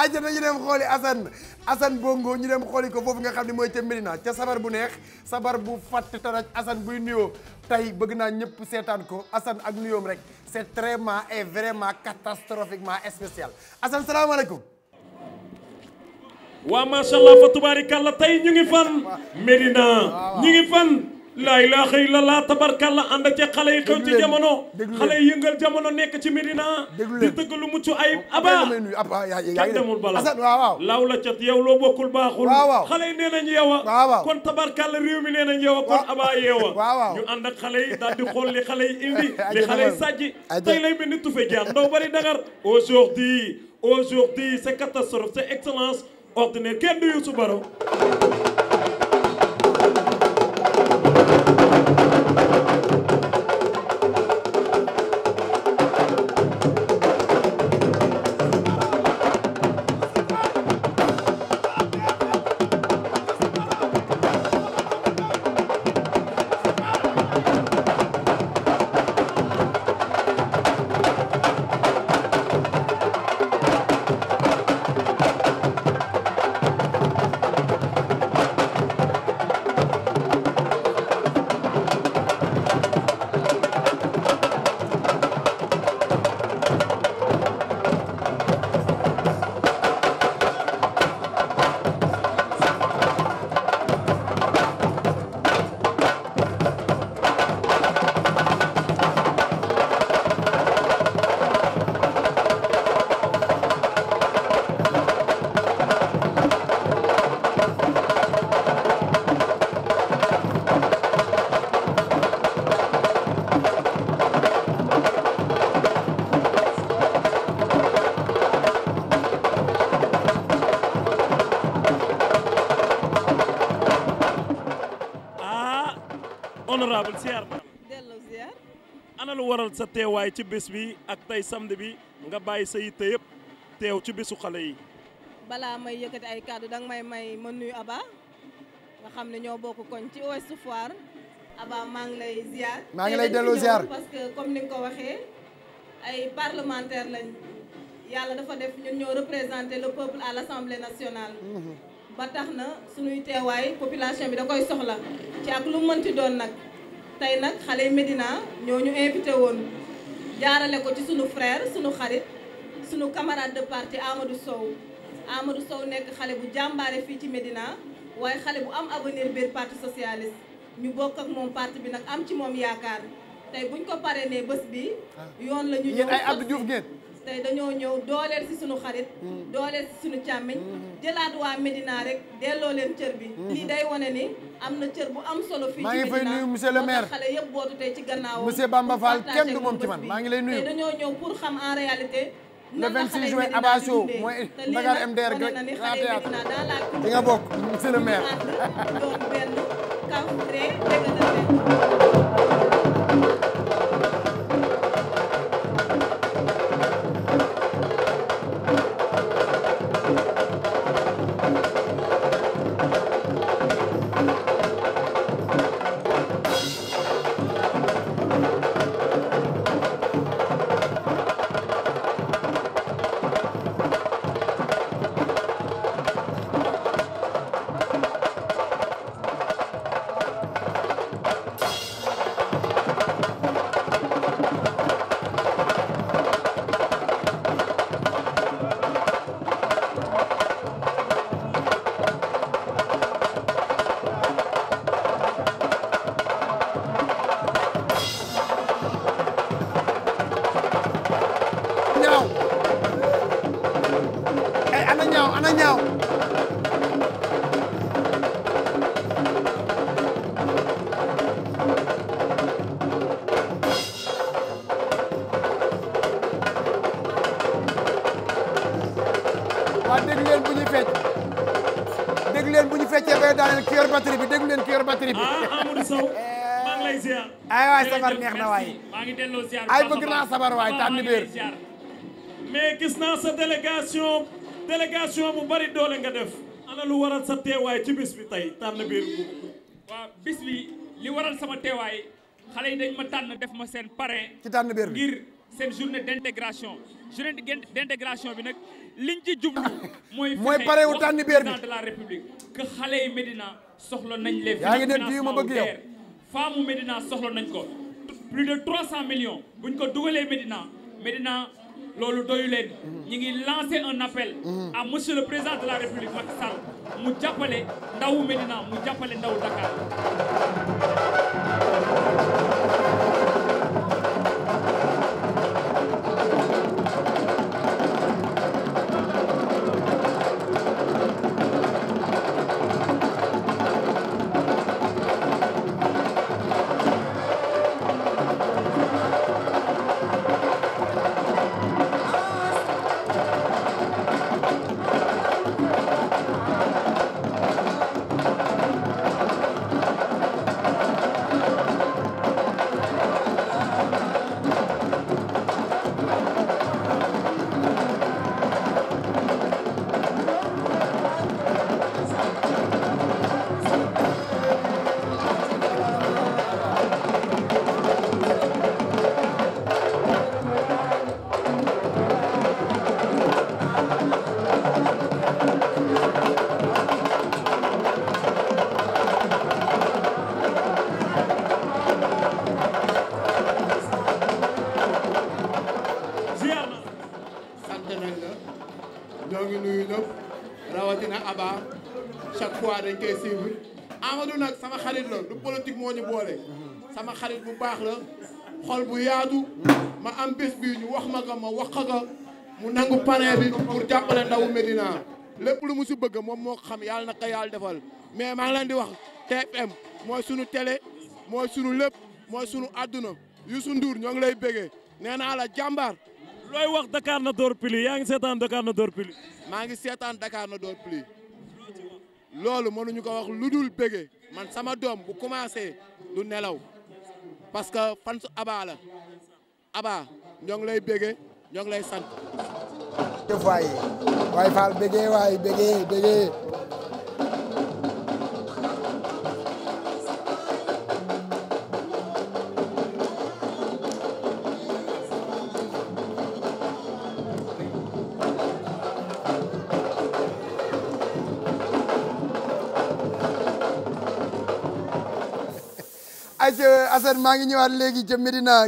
ayca na ñu dem xooli Assane Assane Bongo ñu dem xooli ko foofu nga xam ne mooy ca Médina ca sabar bu neex sabar bu fàtt taraj Assane buy nuyoo tey bëgg naa ñëpp seetaan ko Assane ak nuyoom rek c'est vraiment et vraiment catastrophiquement spécial Assane salaamaaleykum. waa macha allah fa tubaarikàlla tey ñu ngi fan. Médina ñu ngi fan. laa ilaaha illallaah tabarkalla ànd ci xale yi xew ci jamono xale yi yëngal jamono nekk ci Medina di tëgg lu mucc ayib oh, aba kenn demul bala waaw laaw la cat yow loo bokkul baaxul xale yi nee nañ yeewa kon tabarkalla réew mi nee nañ yeewa kon aba yeewa ñu ànd ak xale yi daal di xool li xale yi indi li xale yi sàjji tey lay mel oo tufe jaar ndaw bari dangar aujourd'hui aujourd'hui c'est catastrophe c'est excellence ordinaire kenn du Baro honorable siyaar na dellu siyaar waral sa teewaay ci bés bi ak tey samedi bi nga bàyyi sa yitte yëpp teew ci bésu xale yi balaa may yëkkati ay kàddu danga may may ma nuyu Aba nga xam ne ñoo bokk koñ ci Ouest Foire Aba maa ngi lay ziar maa ngi lay dellu ziar parce que comme ni nga ko waxee ay parlementaire lañ yàlla dafa def ñun ñoo représenter le peuple à l'Assemblée nationale mhm. ba tax na suñuy teewaay population bi da koy soxla ci ak lu mënti doon nag tey nag xale yi Médina ñoo ñu invité woon jaarale ko ci sunu frère sunu xarit sunu camarade de parti Amadou Sow Amadou Sow nekk xale bu jàmbaare fii ci Médina waaye xale bu am avenir biir parti socialiste ñu bokk ak moom parti bi nag am ci moom yaakaar tey buñ ko paree ne bés bi ah. yoon la ñu ñëw ay Abdou Diouf tey dañoo ñëw dooleel si suñu xarit mm. dooleel si suñu càmmiñ mm. jëlaat waa Médina rek delloo leen cër bi mm. lii day wone ni am na cër bu am solo fii maa ngi fay nuyu monsieur le maire xale yëpp bootu tey ci gannaawam monsieur Bamba Fall kenn du moom ci man maa ngi lay nuyu tey dañoo ñëw pour xam en réalité le 26 juin Abassio mooy Dakar MDR rek la théâtre di nga bokk monsieur le maire doon benn kaw ree bu ñu feccee bay daaneel ki yor bi déglu leen ki yor batterie bi. ah Amadou Sow eh, maa ngi ay waay sabar neex na waay. maa ngi delloo ziar ay bëgg naa sabar waay tànn biir. mais gis naa sa délégation délégation bu bari doole nga def. ana lu waral sa teewaay ci bis bi tey tànn biir. waaw bis bi li waral sama teewaay xale yi dañ ma tànn def ma seen parrain. ci tànn biir ngir seen journée d' intégration journée d' bi nag liñ ci jublu. mooy fexe mooy wu tànn biir bi de la république. que xale yi soxla nañ les yaa ngi def kii ma bëgg yow faamu Médina soxla nañ ko plus de 300 millions buñ ko dugalee Médina Médina loolu doyu leen ñi ngi lancer un appel mm-hmm. à monsieur le président de la République Macky Sall mu jàppale ndawu Médina mu jàppale ndawu Dakar exceptionnel la ñoo ngi nuyu ñëpp rawatina Aba chaque fois dañ koy suivre Amadou nag sama xarit la du politique moo ñu boole sama xarit bu baax la xol bu yaatu ma am bés bii ñu wax ma ko wax ko mu nangu parrain bi pour jàppale u Médina lépp lu mu si bëgg moom moo xam yàlla na ko yàlla defal mais maa ngi leen di wax TFM mooy sunu télé mooy sunu lépp mooy sunu àdduna Youssou Ndour ñoo ngi lay bégee nee naa la jàmbaar looy wax Dakar na door pli yaa ngi seetaan Dakar na door pli maa ngi seetaan Dakar na door pli loolu mënuñu ko wax lu dul bëggee man sama doom bu commencé lu nelaw parce que fan su Aba la Aba ñoo ngi lay bëggee ñoo ngi lay sant. waaye Fall bëggee waaye bëggee bëggee. ayca Assane maa ngi ñëwaat léegi ca Medina.